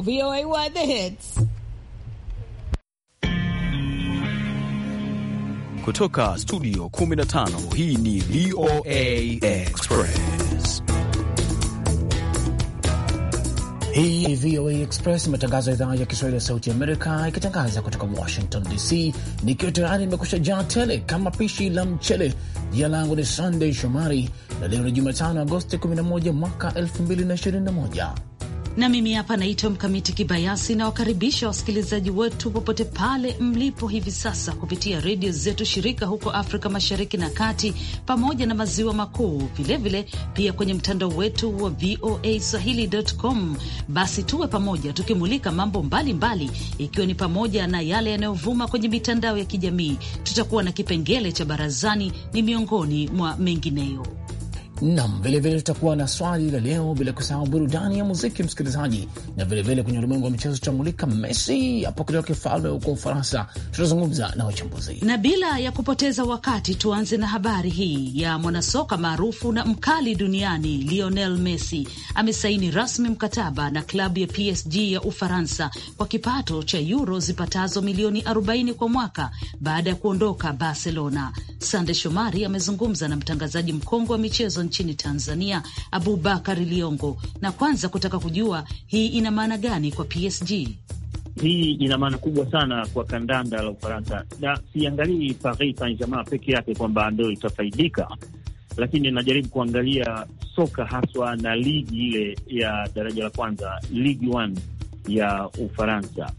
VOA the hits. Kutoka studio 15 hii ni VOA Express. Hii ni VOA Express, matangazo ya idhaa ya Kiswahili ya Sauti Amerika, ikitangaza kutoka Washington DC, nikiwa tayari nimekusha jaa tele kama pishi la mchele. Jina langu ni Sunday Shomari na leo ni Jumatano, Agosti 11 mwaka 2021 na mimi hapa naitwa Mkamiti Kibayasi. Nawakaribisha wasikilizaji wetu popote pale mlipo hivi sasa kupitia redio zetu shirika huko Afrika Mashariki na Kati pamoja na Maziwa Makuu, vilevile pia kwenye mtandao wetu wa VOA Swahili.com. Basi tuwe pamoja tukimulika mambo mbalimbali mbali, ikiwa ni pamoja na yale yanayovuma kwenye mitandao ya kijamii. Tutakuwa na kipengele cha barazani, ni miongoni mwa mengineyo. Nam, vilevile tutakuwa na swali la leo, bila kusahau burudani ya muziki msikilizaji, na vilevile kwenye ulimwengu wa michezo tutamulika Messi apokelewa kifalme huko Ufaransa. Tutazungumza na wachambuzi, na bila ya kupoteza wakati tuanze na habari hii ya mwanasoka maarufu na mkali duniani Lionel Messi amesaini rasmi mkataba na klabu ya PSG ya Ufaransa kwa kipato cha yuro zipatazo milioni 40 kwa mwaka baada ya kuondoka Barcelona. Sande Shomari amezungumza na mtangazaji mkongwe wa michezo nchini Tanzania, Abubakar Liongo, na kwanza kutaka kujua hii ina maana gani kwa PSG? Hii ina maana kubwa sana kwa kandanda la Ufaransa, na siangalii Paris Saint-Germain peke yake kwamba ndo itafaidika, lakini najaribu kuangalia soka haswa na ligi ile ya daraja la kwanza, Ligue 1 ya Ufaransa,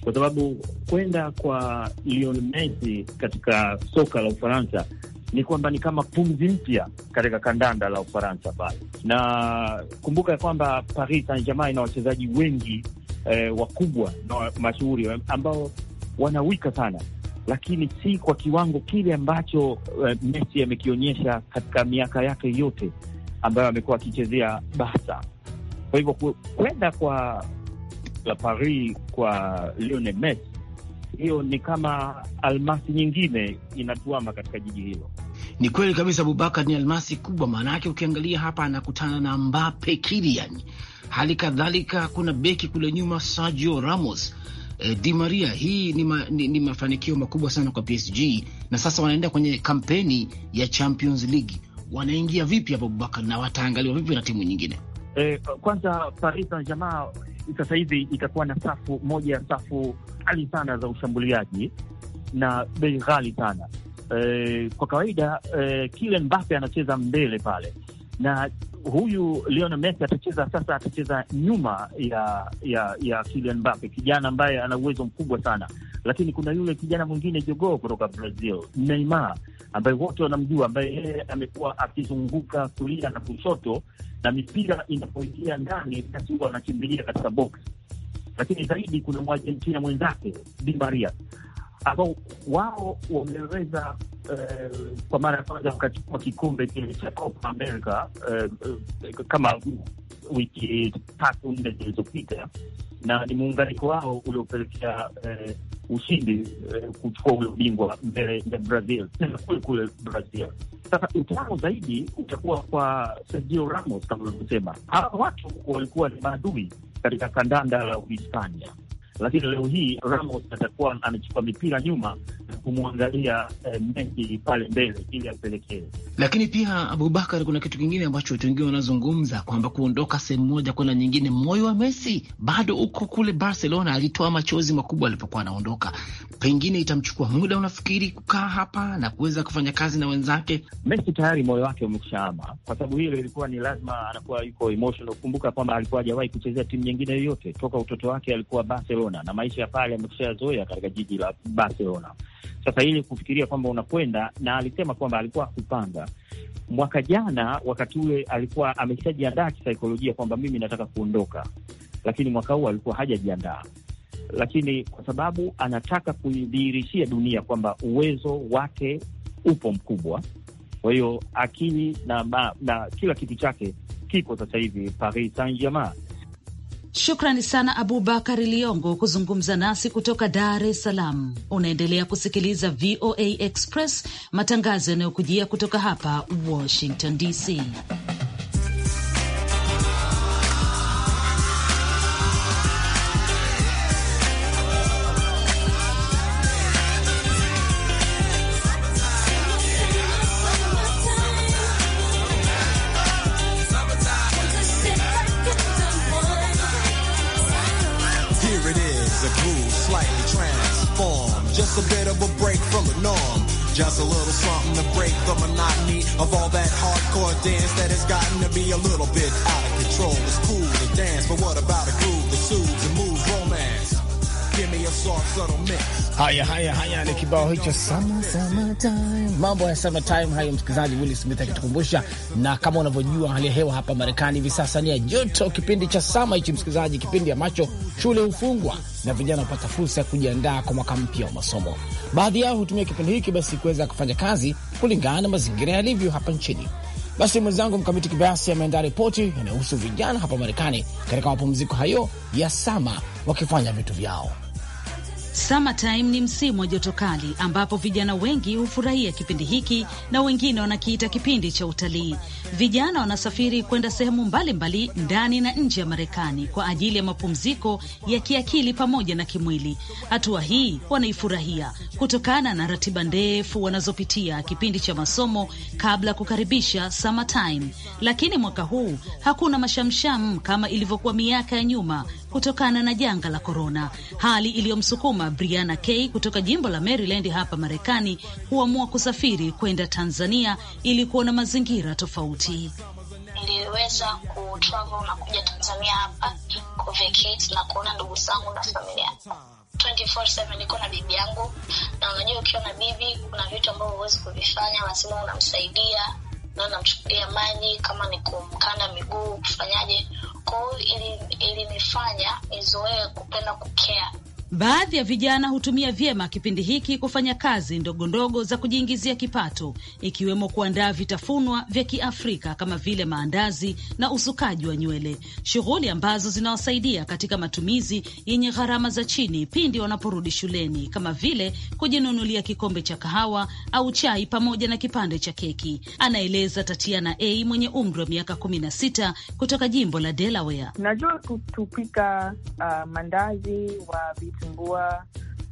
kwa sababu kwenda kwa Lionel Messi katika soka la Ufaransa ni kwamba ni kama pumzi mpya katika kandanda la Ufaransa pale, na kumbuka ya kwamba Paris Saint-Germain ina wachezaji wengi eh, wakubwa na mashuhuri ambao wanawika sana lakini si kwa kiwango kile ambacho uh, Messi amekionyesha katika miaka yake yote ambayo amekuwa akichezea Barca. Kwa hivyo kwenda kwa la Paris kwa Lionel Messi, hiyo ni kama almasi nyingine inatuama katika jiji hilo. Ni kweli kabisa, Abubakar ni almasi kubwa, maanake ukiangalia hapa anakutana na Mbappe Kylian, hali kadhalika kuna beki kule nyuma Sergio Ramos, e, Di Maria. Hii ni, ma, ni, ni mafanikio makubwa sana kwa PSG, na sasa wanaenda kwenye kampeni ya Champions League. Wanaingia vipi hapa Abubakar, na wataangaliwa vipi na timu nyingine? Eh, kwanza Paris Saint-Germain sasa hivi itakuwa na safu moja ya safu ghali sana za ushambuliaji na bei ghali sana Eh, kwa kawaida eh, kile Mbappe anacheza mbele pale na huyu Lionel Messi atacheza sasa, atacheza nyuma ya ya ya Kylian Mbappe, kijana ambaye ana uwezo mkubwa sana, lakini kuna yule kijana mwingine jogoo kutoka Brazil, Neymar, ambaye wote wanamjua, ambaye yeye amekuwa akizunguka kulia na kushoto, na mipira inapoingia ndani basi huwa anakimbilia katika box. Lakini zaidi kuna Mwargentina mwenzake Di Maria ambao wao wameweza eh, kwa mara ya kwanza wakachukua kikombe kile cha Copa America uh, kama wiki tatu nne zilizopita, na ni muunganiko wao uliopelekea ushindi kuchukua ule ubingwa mbele ya Brazil, tena kule kule Brazil. Sasa utamu zaidi utakuwa kwa Sergio Ramos, kama ulivyosema, hawa watu walikuwa ni maadui katika kandanda la Uhispania lakini leo hii Ramos atakuwa anachukua mipira nyuma kumwangalia eh, pale mbele ili apelekee. Lakini pia Abubakar, kuna kitu kingine ambacho watu wengine wanazungumza kwamba kuondoka sehemu moja kwenda nyingine, moyo wa Messi bado uko kule Barcelona, alitoa machozi makubwa alipokuwa anaondoka. Pengine itamchukua muda, unafikiri kukaa hapa na kuweza kufanya kazi na wenzake? Messi tayari moyo wake umekushahama, kwa sababu hiyo ilikuwa ni lazima, anakuwa yuko emotional. Kumbuka kwamba alikuwa hajawahi kuchezea timu nyingine yoyote toka utoto wake, alikuwa Barcelona na maisha ya pale amekushayazoea katika jiji la Barcelona. Sasa ili kufikiria kwamba unakwenda, na alisema kwamba alikuwa akupanga mwaka jana, wakati ule alikuwa ameshajiandaa kisaikolojia kwamba mimi nataka kuondoka, lakini mwaka huu alikuwa hajajiandaa lakini kwa sababu anataka kuidhihirishia dunia kwamba uwezo wake upo mkubwa, kwa hiyo akili na, na kila kitu chake kiko sasa hivi Paris Saint-Germain. Shukrani sana Abubakar Liongo kuzungumza nasi kutoka Dar es Salaam. Unaendelea kusikiliza VOA Express, matangazo yanayokujia kutoka hapa Washington DC. kibao hicho time, mambo ya sama time hayo, msikilizaji. Willi Smith akitukumbusha, na kama unavyojua hali ya hewa hapa Marekani hivi sasa ni ya joto, kipindi cha sama hichi, msikilizaji, kipindi ambacho shule hufungwa na vijana hupata fursa ya kujiandaa kwa mwaka mpya wa masomo. Baadhi yao hutumia kipindi hiki basi kuweza kufanya kazi kulingana na mazingira yalivyo hapa nchini. Basi mwenzangu Mkamiti Kibayasi ameandaa ripoti inayohusu vijana hapa Marekani katika mapumziko hayo ya sama wakifanya vitu vyao. Summertime ni msimu wa joto kali ambapo vijana wengi hufurahia kipindi hiki na wengine wanakiita kipindi cha utalii. Vijana wanasafiri kwenda sehemu mbalimbali ndani na nje ya Marekani kwa ajili ya mapumziko ya kiakili pamoja na kimwili. Hatua hii wanaifurahia kutokana na ratiba ndefu wanazopitia kipindi cha masomo kabla ya kukaribisha summertime. Lakini mwaka huu hakuna mashamsham kama ilivyokuwa miaka ya nyuma kutokana na janga la korona, hali iliyomsukuma briana k kutoka jimbo la Maryland hapa Marekani kuamua kusafiri kwenda Tanzania ili kuona mazingira tofauti. Niliweza kutravel na kuja Tanzania hapa kuvacate na kuona ndugu zangu na familia 24/7 niko na bibi yangu, na unajua ukiwa na bibi kuna vitu ambavyo huwezi kuvifanya, lazima unamsaidia naona mchukulia maji, kama ni kumkanda miguu kufanyaje. Kwa hiyo ilinifanya ili nizoee kupenda kukea Baadhi ya vijana hutumia vyema kipindi hiki kufanya kazi ndogo ndogo za kujiingizia kipato, ikiwemo kuandaa vitafunwa vya Kiafrika kama vile maandazi na usukaji wa nywele, shughuli ambazo zinawasaidia katika matumizi yenye gharama za chini pindi wanaporudi shuleni, kama vile kujinunulia kikombe cha kahawa au chai pamoja na kipande cha keki, anaeleza Tatiana A mwenye umri wa miaka kumi na sita kutoka jimbo la Delaware. Najua kutupika uh, mandazi wa vitumbua,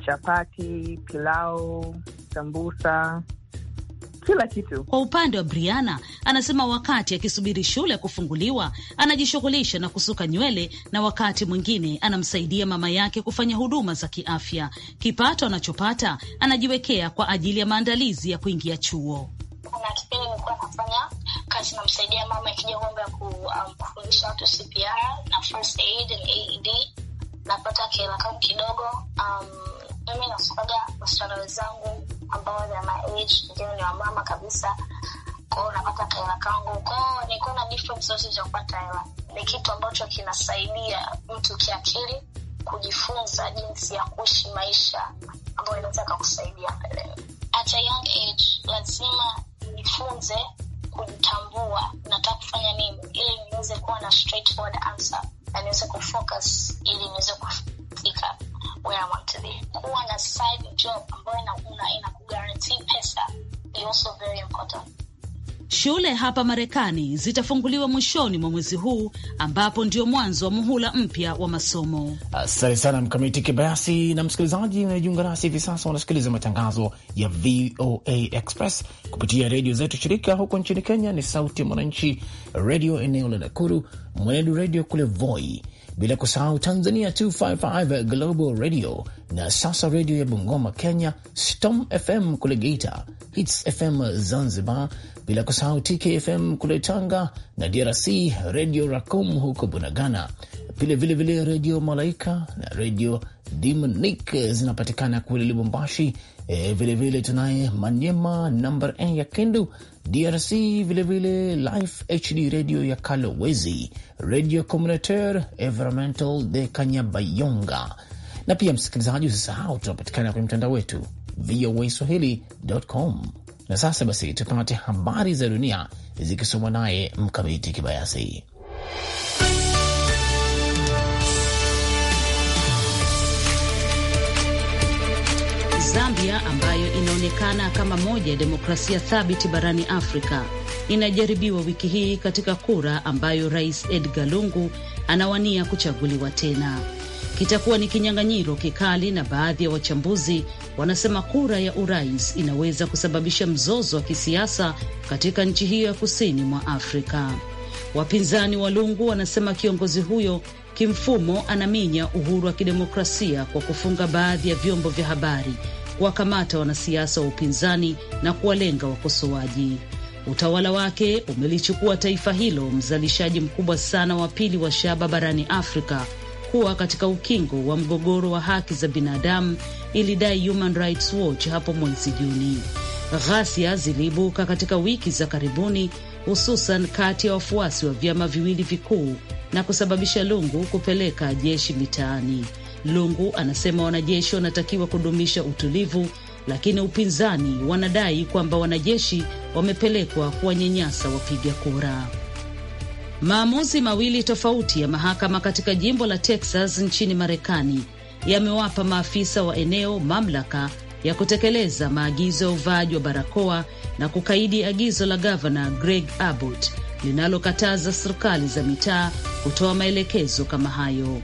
chapati, pilau, sambusa kila kitu. Kwa upande wa Briana, anasema wakati akisubiri shule kufunguliwa anajishughulisha na kusuka nywele, na wakati mwingine anamsaidia mama yake kufanya huduma za kiafya. Kipato anachopata anajiwekea kwa ajili ya maandalizi ya kuingia chuo. Kuna kipindi nilikuwa nafanya kazi namsaidia mama ikija mambo ya um, kufundisha watu CPR na first aid na AED napata kihela kangu kidogo. Um, mimi nasukaga wasichana wenzangu ambao they my age, wengine ni wamama kabisa kwao, napata kahela kangu kwao. Niko na different sources za kupata hela. Ni kitu ambacho kinasaidia mtu kiakili kujifunza jinsi ya kuishi maisha ambayo inaweza kakusaidia mbeleni. At a young age lazima nifunze kujitambua, nataka kufanya nini ili niweze kuwa na straightforward answer na niweze kufocus ili niweze kufika where I want to be. Kuwa na side job ambayo inakugarantii pesa is also very important. Shule hapa Marekani zitafunguliwa mwishoni mwa mwezi huu ambapo ndio mwanzo wa muhula mpya wa masomo. Asante sana Mkamiti Kibayasi. Na msikilizaji unayejiunga nasi hivi sasa, unasikiliza matangazo ya VOA Express kupitia redio zetu shirika. Huko nchini Kenya ni Sauti ya Mwananchi redio eneo la Nakuru, Mwenedu redio kule Voi, bila kusahau Tanzania 255 Global Radio na sasa redio ya Bungoma Kenya, Storm FM kule Geita, Hits FM Zanzibar bila kusahau TKFM kule Tanga na DRC, Redio Racom huko Bunagana, vile vile vile Redio Malaika na Redio Dimnik zinapatikana kule Lubumbashi. E, vile vile tunaye Manyema namba n ya Kindu DRC, vile vile Life HD Radio ya Kalowezi, Radio Communautaire Environmental de Kanyabayonga, na pia msikilizaji, usisahau tunapatikana kwenye mtandao wetu voa swahili.com. Na sasa basi tupate habari za dunia zikisomwa naye Mkamiti Kibayasi. Zambia ambayo inaonekana kama moja ya demokrasia thabiti barani Afrika inajaribiwa wiki hii katika kura ambayo Rais Edgar Lungu anawania kuchaguliwa tena kitakuwa ni kinyang'anyiro kikali, na baadhi ya wachambuzi wanasema kura ya urais inaweza kusababisha mzozo wa kisiasa katika nchi hiyo ya kusini mwa Afrika. Wapinzani wa Lungu wanasema kiongozi huyo kimfumo anaminya uhuru wa kidemokrasia kwa kufunga baadhi ya vyombo vya habari, kuwakamata wanasiasa wa upinzani na kuwalenga wakosoaji. Utawala wake umelichukua taifa hilo, mzalishaji mkubwa sana wa pili wa shaba barani Afrika, kuwa katika ukingo wa mgogoro wa haki za binadamu, ilidai Human Rights Watch hapo mwezi Juni. Ghasia ziliibuka katika wiki za karibuni, hususan kati ya wafuasi wa vyama viwili vikuu na kusababisha Lungu kupeleka jeshi mitaani. Lungu anasema wanajeshi wanatakiwa kudumisha utulivu, lakini upinzani wanadai kwamba wanajeshi wamepelekwa kuwanyanyasa wapiga kura. Maamuzi mawili tofauti ya mahakama katika jimbo la Texas nchini Marekani yamewapa maafisa wa eneo mamlaka ya kutekeleza maagizo ya uvaaji wa barakoa na kukaidi agizo la gavana Greg Abbott linalokataza serikali za mitaa kutoa maelekezo kama hayo.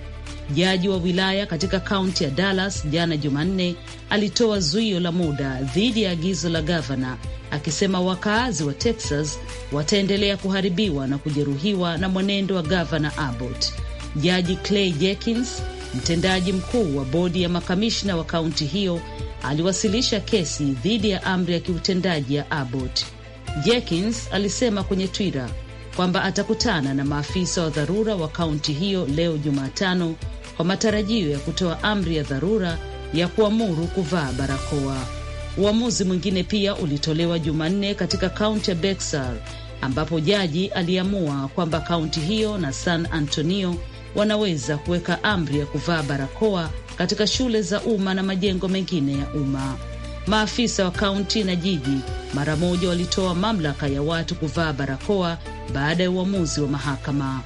Jaji wa wilaya katika kaunti ya Dallas jana Jumanne alitoa zuio la muda dhidi ya agizo la gavana akisema wakaazi wa Texas wataendelea kuharibiwa na kujeruhiwa na mwenendo wa gavana Abbott. Jaji Clay Jenkins, mtendaji mkuu wa bodi ya makamishna wa kaunti hiyo, aliwasilisha kesi dhidi ya amri ya kiutendaji ya Abbott. Jenkins alisema kwenye Twitter kwamba atakutana na maafisa wa dharura wa kaunti hiyo leo Jumatano kwa matarajio ya kutoa amri ya dharura ya kuamuru kuvaa barakoa. Uamuzi mwingine pia ulitolewa Jumanne katika kaunti ya Bexar ambapo jaji aliamua kwamba kaunti hiyo na San Antonio wanaweza kuweka amri ya kuvaa barakoa katika shule za umma na majengo mengine ya umma. Maafisa wa kaunti na jiji mara moja walitoa mamlaka ya watu kuvaa barakoa baada ya uamuzi wa mahakama.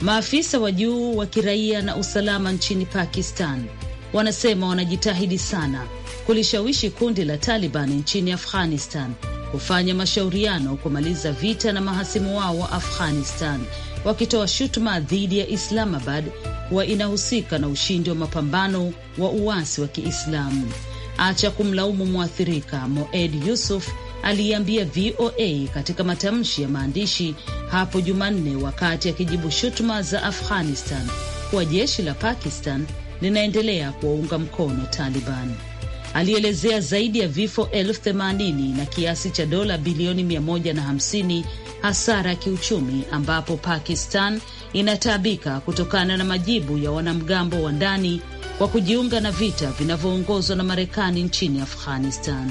Maafisa wa juu wa kiraia na usalama nchini Pakistan wanasema wanajitahidi sana kulishawishi kundi la Taliban nchini Afghanistan kufanya mashauriano kumaliza vita na mahasimu wao wa Afghanistan, wakitoa shutuma dhidi ya Islamabad kuwa inahusika na ushindi wa mapambano wa uasi wa Kiislamu. Acha kumlaumu mwathirika, Moed Yusuf aliiambia VOA katika matamshi ya maandishi hapo Jumanne wakati akijibu shutuma za Afghanistan kuwa jeshi la Pakistan linaendelea kuwaunga mkono Taliban. Alielezea zaidi ya vifo elfu themanini na kiasi cha dola bilioni 150 hasara ya kiuchumi, ambapo Pakistan inataabika kutokana na majibu ya wanamgambo wa ndani kwa kujiunga na vita vinavyoongozwa na Marekani nchini Afghanistan.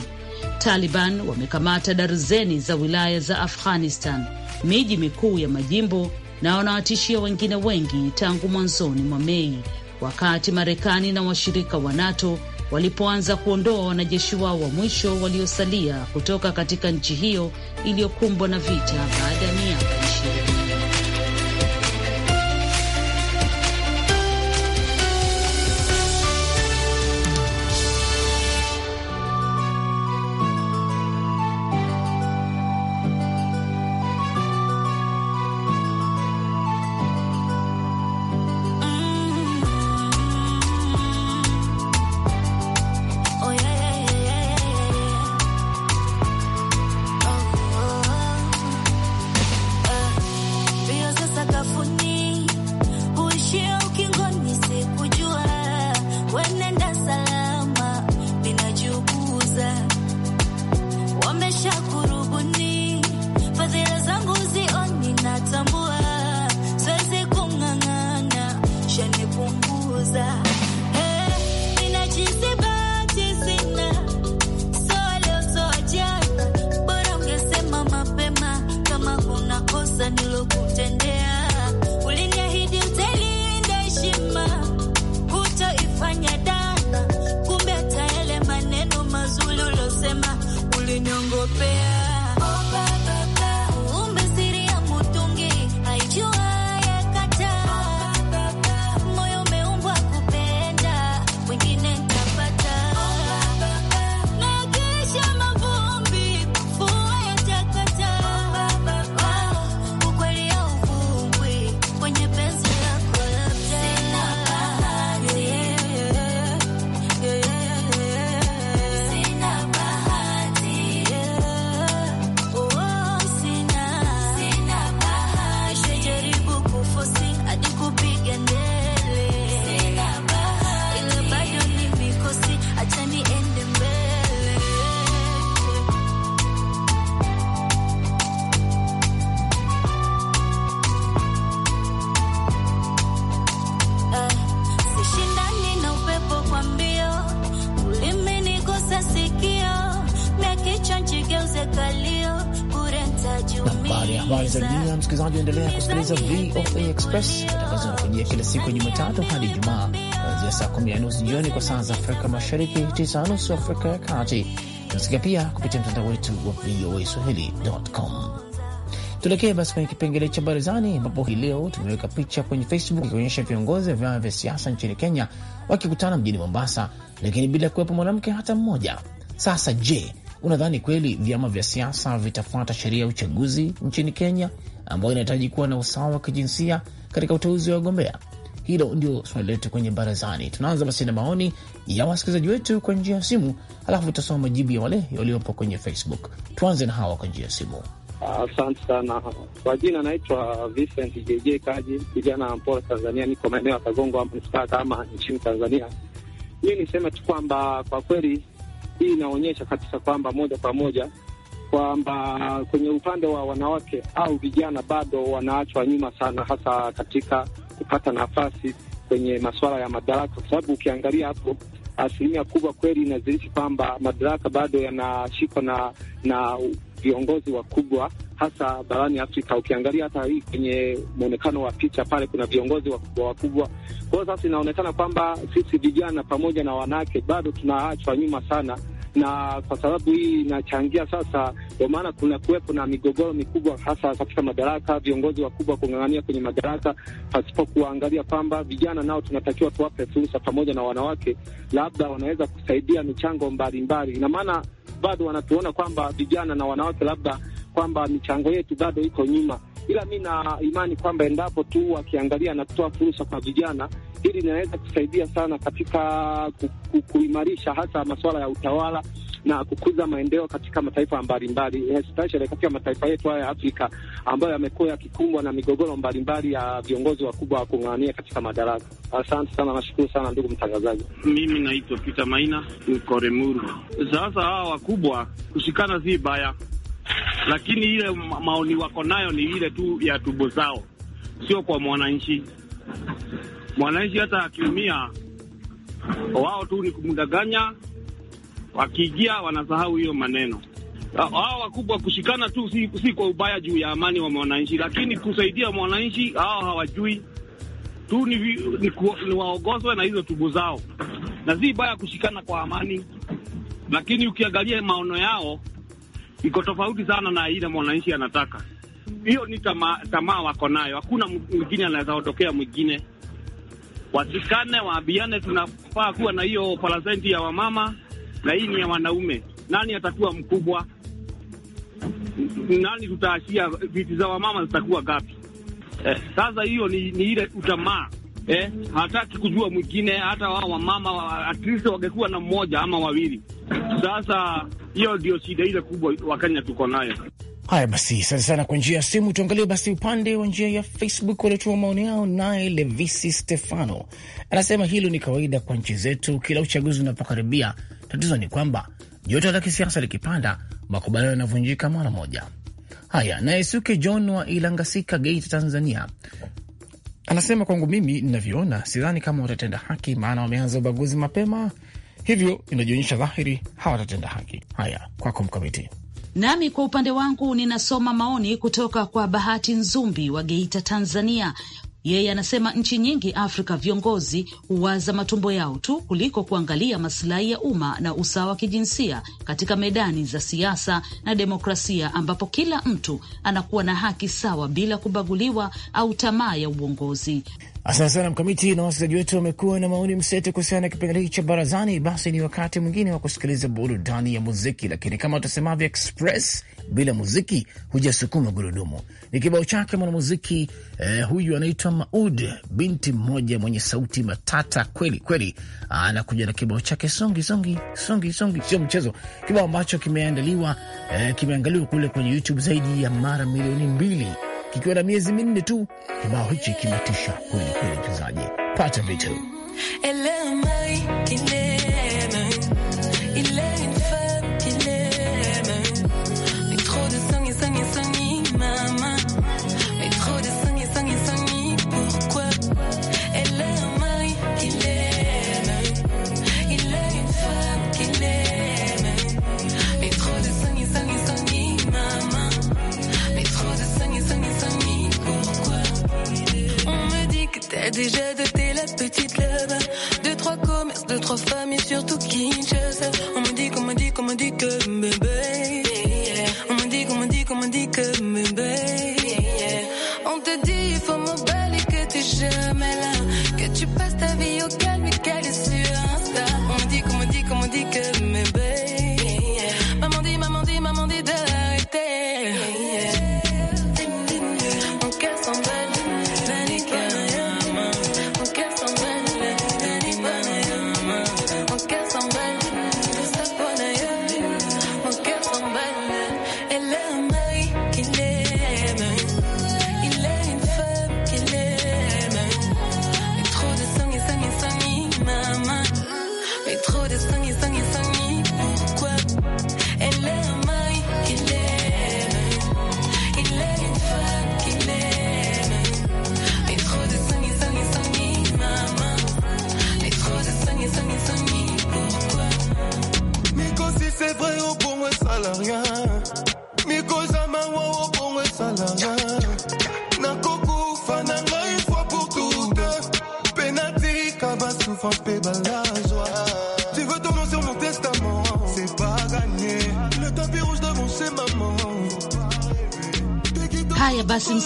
Taliban wamekamata darzeni za wilaya za Afghanistan, miji mikuu ya majimbo, na wanawatishia wengine wengi tangu mwanzoni mwa Mei, wakati Marekani na washirika wa NATO walipoanza kuondoa wanajeshi wao wa mwisho waliosalia kutoka katika nchi hiyo iliyokumbwa na vita baada ya miaka Express matangazo yanakujia kila siku ya Jumatatu hadi Ijumaa kuanzia saa kumi na nusu jioni kwa saa za Afrika Mashariki, tisa na nusu Afrika ya Kati. Tunasikia pia kupitia mtandao wetu wa VOA Swahili.com. Tuelekee basi kwenye kipengele cha barazani, ambapo hii leo tumeweka picha kwenye Facebook ikionyesha viongozi wa vyama vya siasa nchini Kenya wakikutana mjini Mombasa, lakini bila kuwepo mwanamke hata mmoja. Sasa je, unadhani kweli vyama vya siasa vitafuata sheria ya uchaguzi nchini Kenya ambayo inahitaji kuwa na usawa wa kijinsia katika uteuzi wa wagombea. Hilo ndio swali letu kwenye barazani. Tunaanza basi na maoni ya wasikilizaji wetu kwa njia ya simu, alafu tutasoma majibu ya wale waliopo kwenye Facebook. Tuanze na hawa kwa njia ya simu. Asante uh, sana kwa jina, naitwa Vincent JJ Kaji, kijana mpora Tanzania, niko maeneo ya Kagongo manispaa kama nchini Tanzania. Mii niseme tu kwamba kwa kweli hii inaonyesha kabisa kwamba moja kwa moja kwamba kwenye upande wa wanawake au vijana bado wanaachwa nyuma sana, hasa katika kupata nafasi kwenye masuala ya madaraka, kwa sababu ukiangalia hapo asilimia kubwa kweli inazirishi kwamba madaraka bado yanashikwa na na viongozi wakubwa hasa barani Afrika. Ukiangalia hata hii kwenye mwonekano wa picha pale, kuna viongozi wakubwa wakubwa. Kwa hiyo sasa inaonekana kwamba sisi vijana pamoja na wanawake bado tunaachwa nyuma sana na kwa sababu hii inachangia sasa, kwa maana kuna kuwepo na migogoro mikubwa, hasa katika madaraka, viongozi wakubwa kung'ang'ania kwenye madaraka pasipo kuwaangalia kwamba vijana nao tunatakiwa tuwape fursa, pamoja na wanawake, labda wanaweza kusaidia michango mbalimbali. Ina maana bado wanatuona kwamba vijana na wanawake, labda kwamba michango yetu bado iko nyuma, ila mi na imani kwamba endapo tu wakiangalia na kutoa fursa kwa vijana hili linaweza kusaidia sana katika kuimarisha hasa masuala ya utawala na kukuza maendeleo katika mataifa mbalimbali especially katika mataifa yetu haya ya Afrika ambayo yamekuwa yakikumbwa na migogoro mbalimbali ya viongozi wakubwa wa kung'ang'ania katika madaraka. Asante sana, nashukuru sana ndugu mtangazaji. Mimi naitwa Peter Maina, niko Remuru. Sasa hawa wakubwa kushikana si baya, lakini ile maoni wako nayo ni ile tu ya tubo zao, sio kwa mwananchi mwananchi hata akiumia, wao tu ni kumdanganya. Wakiingia wanasahau hiyo maneno. Ah, hao wakubwa kushikana tu, si, si kwa ubaya juu ya amani wa mwananchi, lakini kusaidia mwananchi hao hawajui tu ni, ni, ni waogozwe na hizo tubu zao, na si baya kushikana kwa amani, lakini ukiangalia maono yao iko tofauti sana na ile mwananchi anataka. Hiyo ni tamaa, tama wako nayo. Hakuna mwingine anaweza ondokea mwingine washikane, waambiane, tunafaa kuwa na hiyo parasenti ya wamama na hii ni ya wanaume. Nani atakuwa mkubwa? Nani tutaashia viti za wamama zitakuwa gapi? Eh, sasa hiyo ni, ni ile utamaa eh, hataki kujua mwingine. Hata wao wamama at least wangekuwa na mmoja ama wawili. Sasa hiyo ndio shida ile kubwa Wakenya tuko nayo. Haya basi, asante sana kwa njia ya simu. Tuangalie basi upande wa njia ya Facebook waliotuma maoni yao. Naye Levisi Stefano anasema hilo ni kawaida kwa nchi zetu, kila uchaguzi unapokaribia. Tatizo ni kwamba joto la kisiasa likipanda, makubaliano yanavunjika mara moja. Haya, naye Suke John wa Ilangasika, Geita, Tanzania anasema kwangu mimi ninavyoona, sidhani kama watatenda haki, maana wameanza ubaguzi mapema, hivyo inajionyesha dhahiri hawatatenda haki. Haya, kwako Mkamiti. Nami kwa upande wangu ninasoma maoni kutoka kwa Bahati Nzumbi wa Geita, Tanzania. Yeye anasema nchi nyingi Afrika viongozi huwaza matumbo yao tu kuliko kuangalia masilahi ya umma na usawa wa kijinsia katika medani za siasa na demokrasia, ambapo kila mtu anakuwa na haki sawa bila kubaguliwa au tamaa ya uongozi. Asante sana Mkamiti, na wasikilizaji wetu wamekuwa na maoni mseto kuhusiana na kipengele hiki cha barazani. Basi ni wakati mwingine wa kusikiliza burudani ya muziki, lakini kama utasemavyo express, bila muziki hujasukuma gurudumu. Ni kibao chake mwanamuziki eh, huyu anaitwa Maud, binti mmoja mwenye sauti matata kweli kweli, anakuja na kibao chake songi songi songi songi, sio mchezo, kibao ambacho kimeandaliwa eh, kimeangaliwa kule kwenye YouTube zaidi ya mara milioni mbili kikiwa na miezi minne tu. Kibao hichi kimetisha kweli kweli, mchezaji pata vitu DJ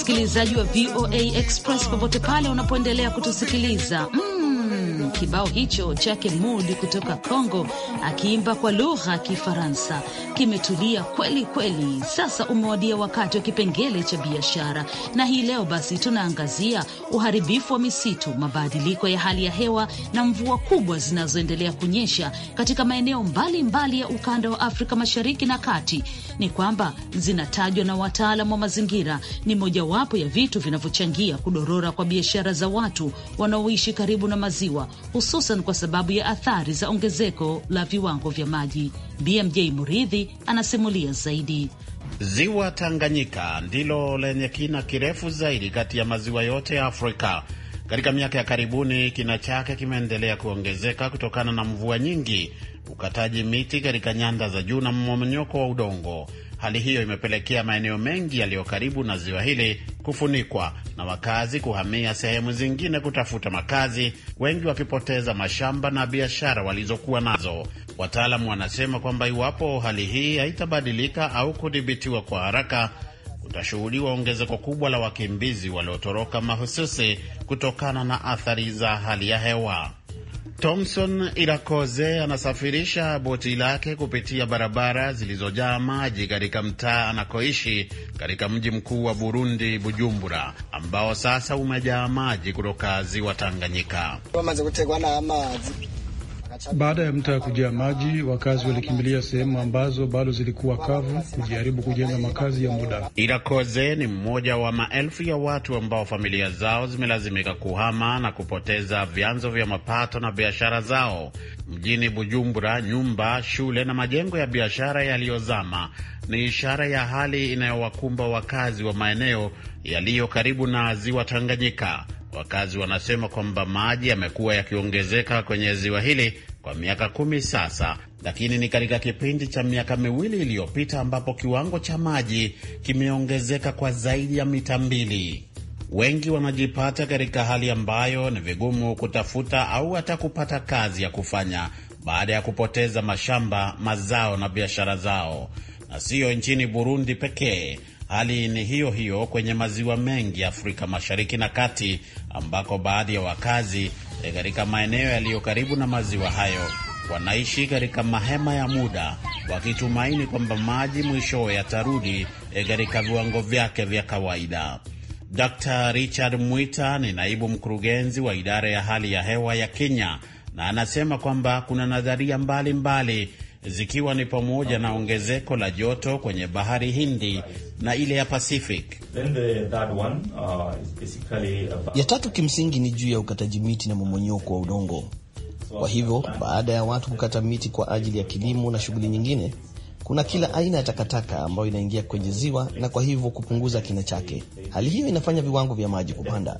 msikilizaji wa VOA Express popote pale unapoendelea kutusikiliza. Mm, kibao hicho chake Mudi kutoka Congo akiimba kwa lugha ya Kifaransa kimetulia kweli kweli. Sasa umewadia wakati wa kipengele cha biashara, na hii leo basi tunaangazia uharibifu wa misitu, mabadiliko ya hali ya hewa na mvua kubwa zinazoendelea kunyesha katika maeneo mbalimbali mbali ya ukanda wa Afrika Mashariki na Kati. Ni kwamba zinatajwa na wataalam wa mazingira ni mojawapo ya vitu vinavyochangia kudorora kwa biashara za watu wanaoishi karibu na maziwa, hususan kwa sababu ya athari za ongezeko la viwango vya maji. BMJ Muridhi anasimulia zaidi. Ziwa Tanganyika ndilo lenye kina kirefu zaidi kati ya maziwa yote ya Afrika. Katika miaka ya karibuni, kina chake kimeendelea kuongezeka kutokana na mvua nyingi, ukataji miti katika nyanda za juu na mmomonyoko wa udongo. Hali hiyo imepelekea maeneo mengi yaliyo karibu na ziwa hili kufunikwa na wakazi kuhamia sehemu zingine kutafuta makazi, wengi wakipoteza mashamba na biashara walizokuwa nazo. Wataalamu wanasema kwamba iwapo hali hii haitabadilika au kudhibitiwa kwa haraka, kutashuhudiwa ongezeko kubwa la wakimbizi waliotoroka mahususi kutokana na athari za hali ya hewa. Thomson Irakoze anasafirisha boti lake kupitia barabara zilizojaa maji katika mtaa anakoishi katika mji mkuu wa Burundi, Bujumbura, ambao sasa umejaa maji kutoka ziwa Tanganyika. Baada ya mtaa kujaa maji, wakazi walikimbilia sehemu ambazo bado zilikuwa kavu kujaribu kujenga makazi ya muda. Irakoze ni mmoja wa maelfu ya watu ambao familia zao zimelazimika kuhama na kupoteza vyanzo vya mapato na biashara zao. Mjini Bujumbura, nyumba, shule na majengo ya biashara yaliyozama ni ishara ya hali inayowakumba wakazi wa maeneo yaliyo karibu na ziwa Tanganyika. Wakazi wanasema kwamba maji yamekuwa yakiongezeka kwenye ziwa hili kwa miaka kumi sasa, lakini ni katika kipindi cha miaka miwili iliyopita ambapo kiwango cha maji kimeongezeka kwa zaidi ya mita mbili. Wengi wanajipata katika hali ambayo ni vigumu kutafuta au hata kupata kazi ya kufanya baada ya kupoteza mashamba, mazao na biashara zao. Na siyo nchini Burundi pekee, hali ni hiyo hiyo kwenye maziwa mengi Afrika Mashariki na Kati, ambako baadhi ya wakazi eh, katika maeneo yaliyo karibu na maziwa hayo wanaishi katika mahema ya muda wakitumaini kwamba maji mwishowe yatarudi eh, katika viwango vyake vya kawaida. Dr Richard Mwita ni naibu mkurugenzi wa idara ya hali ya hewa ya Kenya, na anasema kwamba kuna nadharia mbalimbali mbali zikiwa ni pamoja na ongezeko la joto kwenye bahari Hindi na ile ya Pacific. The one, uh, about... ya tatu kimsingi ni juu ya ukataji miti na mmonyoko wa udongo. Kwa hivyo baada ya watu kukata miti kwa ajili ya kilimo na shughuli nyingine, kuna kila aina ya takataka ambayo inaingia kwenye ziwa na kwa hivyo kupunguza kina chake. Hali hiyo inafanya viwango vya maji kupanda.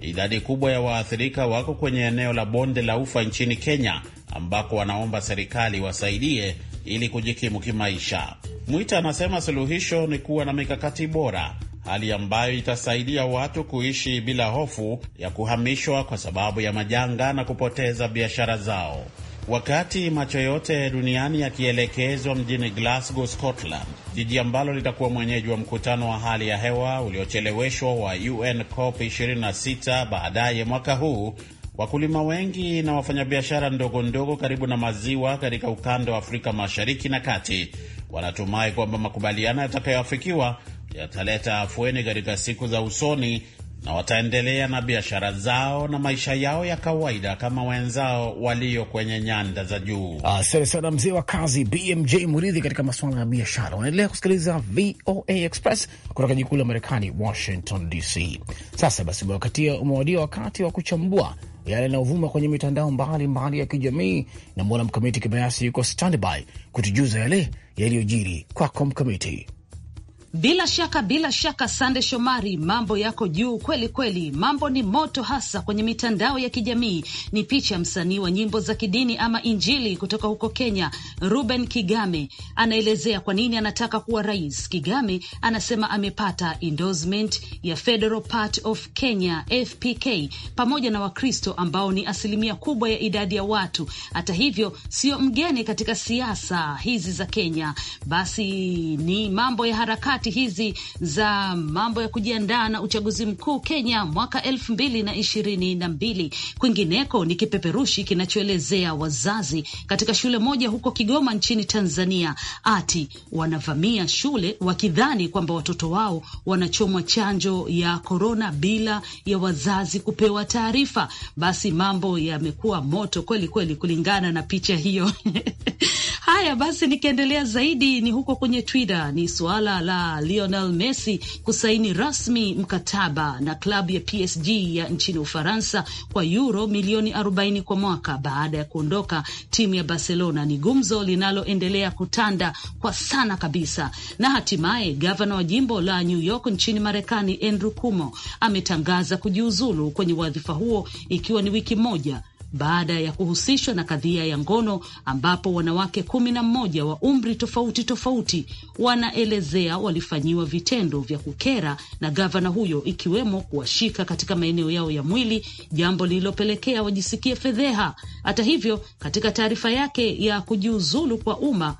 Idadi kubwa ya waathirika wako kwenye eneo la bonde la Ufa nchini Kenya ambako wanaomba serikali wasaidie ili kujikimu kimaisha. Mwita anasema suluhisho ni kuwa na mikakati bora, hali ambayo itasaidia watu kuishi bila hofu ya kuhamishwa kwa sababu ya majanga na kupoteza biashara zao. Wakati macho yote duniani yakielekezwa mjini Glasgow, Scotland, jiji ambalo litakuwa mwenyeji wa mkutano wa hali ya hewa uliocheleweshwa wa UN COP 26 baadaye mwaka huu, Wakulima wengi na wafanyabiashara ndogo ndogo karibu na maziwa katika ukanda wa Afrika Mashariki na Kati wanatumai kwamba makubaliano yatakayoafikiwa yataleta afueni katika siku za usoni na wataendelea na biashara zao na maisha yao ya kawaida kama wenzao walio kwenye nyanda za juu. Asante sana mzee wa kazi BMJ Muridhi katika masuala ya biashara. Unaendelea kusikiliza VOA Express kutoka jikuu la Marekani, Washington DC. Sasa basi, umewakatia umewadia wakati wa kuchambua yale yanayovuma kwenye mitandao mbalimbali ya kijamii, na mwana Mkamiti Kibayasi yuko standby kutujuza yale yaliyojiri. Kwako Mkamiti. Bila shaka bila shaka, Sande Shomari, mambo yako juu kweli kweli, mambo ni moto hasa kwenye mitandao ya kijamii. Ni picha ya msanii wa nyimbo za kidini ama injili kutoka huko Kenya, Ruben Kigame anaelezea kwa nini anataka kuwa rais. Kigame anasema amepata endorsement ya Federal Part of Kenya FPK pamoja na Wakristo ambao ni asilimia kubwa ya idadi ya watu. Hata hivyo, sio mgeni katika siasa hizi za Kenya. Basi ni mambo ya harakati ripoti hizi za mambo ya kujiandaa na uchaguzi mkuu Kenya mwaka elfu mbili na ishirini na mbili. Kwingineko ni kipeperushi kinachoelezea wazazi katika shule moja huko Kigoma nchini Tanzania ati wanavamia shule wakidhani kwamba watoto wao wanachomwa chanjo ya korona bila ya wazazi kupewa taarifa. Basi mambo yamekuwa moto kweli kweli, kulingana na picha hiyo Haya basi, nikiendelea zaidi ni huko kwenye Twitter, ni suala la Lionel Messi kusaini rasmi mkataba na klabu ya PSG ya nchini Ufaransa kwa euro milioni 40 kwa mwaka baada ya kuondoka timu ya Barcelona. Ni gumzo linaloendelea kutanda kwa sana kabisa, na hatimaye gavana wa jimbo la New York nchini Marekani Andrew Cuomo ametangaza kujiuzulu kwenye wadhifa huo ikiwa ni wiki moja baada ya kuhusishwa na kadhia ya ngono ambapo wanawake kumi na mmoja wa umri tofauti tofauti wanaelezea walifanyiwa vitendo vya kukera na gavana huyo, ikiwemo kuwashika katika maeneo yao ya mwili, jambo lililopelekea wajisikie fedheha. Hata hivyo, katika taarifa yake ya kujiuzulu kwa umma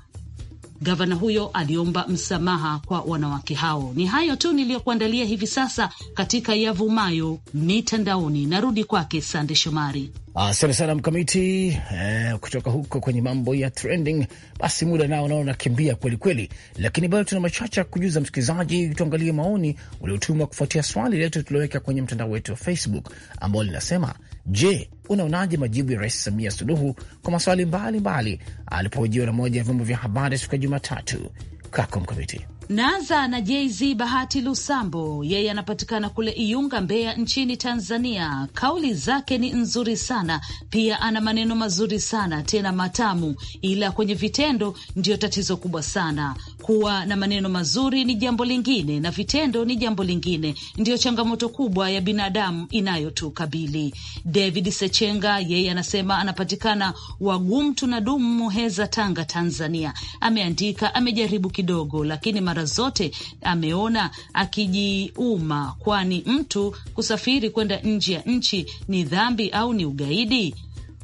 Gavana huyo aliomba msamaha kwa wanawake hao. Ni hayo tu niliyokuandalia hivi sasa katika yavumayo mitandaoni. Narudi kwake Sande Shomari. Asante sana Mkamiti eh, kutoka huko kwenye mambo ya trending. Basi muda nao nao nakimbia kweli kweli, lakini bado tuna machache kujuza msikilizaji. Tuangalie maoni uliotumwa kufuatia swali letu tulioweka kwenye mtandao wetu wa Facebook ambao linasema Je, unaonaje majibu ya Rais Samia Suluhu kwa maswali mbalimbali alipohojiwa na moja ya vyombo vya habari siku ya Jumatatu? Kako Mkamiti. Naanza na JZ Bahati Lusambo, yeye anapatikana kule Iunga, Mbeya nchini Tanzania. Kauli zake ni nzuri sana, pia ana maneno mazuri sana tena matamu, ila kwenye vitendo ndiyo tatizo kubwa sana. Kuwa na maneno mazuri ni jambo lingine na vitendo ni jambo lingine, ndiyo changamoto kubwa ya binadamu inayotukabili. David Sechenga yeye anasema anapatikana Wagumtu na Dumu, Muheza, Tanga, Tanzania. Ameandika amejaribu kidogo, lakini mara zote ameona akijiuma, kwani mtu kusafiri kwenda nje ya nchi ni dhambi au ni ugaidi?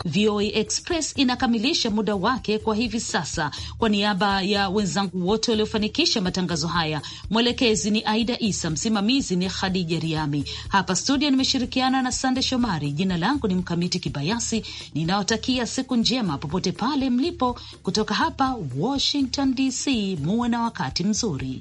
VOA Express inakamilisha muda wake kwa hivi sasa. Kwa niaba ya wenzangu wote waliofanikisha matangazo haya, mwelekezi ni Aida Isa, msimamizi ni Khadija Riami. Hapa studio nimeshirikiana na Sande Shomari. Jina langu ni Mkamiti Kibayasi, ninaotakia siku njema popote pale mlipo, kutoka hapa Washington DC. Muwe na wakati mzuri.